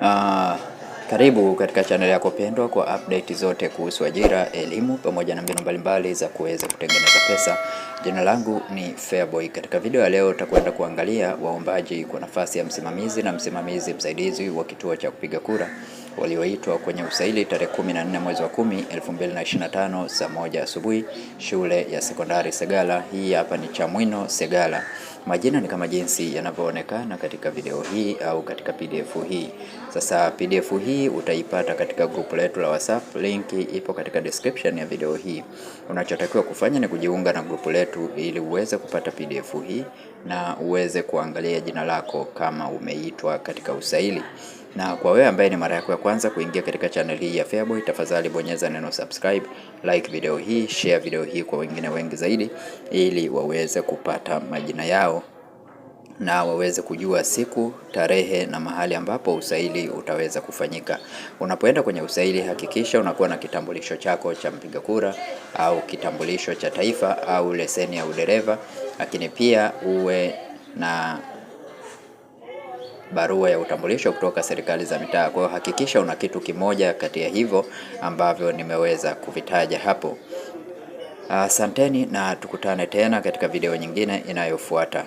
Uh, karibu katika chaneli yako pendwa kwa update zote kuhusu ajira, elimu pamoja na mbinu mbalimbali za kuweza kutengeneza pesa. Jina langu ni Fairboy. Katika video ya leo utakwenda kuangalia waombaji kwa nafasi ya msimamizi na msimamizi msaidizi wa kituo cha kupiga kura walioitwa kwenye usaili tarehe 14 mwezi wa 10 2025 saa moja asubuhi shule ya sekondari Segala. Hii hapa ni Chamwino Segala. Majina ni kama jinsi yanavyoonekana katika video hii au katika PDF hii. Sasa PDF hii utaipata katika grupu letu la WhatsApp, linki ipo katika description ya video hii. Unachotakiwa kufanya ni kujiunga na grupu letu ili uweze kupata PDF hii na uweze kuangalia jina lako kama umeitwa katika usaili. Na kwa wewe ambaye ni mara yako ya kwanza kuingia katika channel hii ya Feaboy, tafadhali bonyeza neno subscribe, like video hii, share video hii kwa wengine wengi zaidi, ili waweze kupata majina yao na waweze kujua siku, tarehe na mahali ambapo usaili utaweza kufanyika. Unapoenda kwenye usaili, hakikisha unakuwa na kitambulisho chako cha mpiga kura au kitambulisho cha taifa au leseni ya udereva, lakini pia uwe na barua ya utambulisho kutoka serikali za mitaa. Kwa hiyo hakikisha una kitu kimoja kati ya hivyo ambavyo nimeweza kuvitaja hapo. Asanteni na tukutane tena katika video nyingine inayofuata.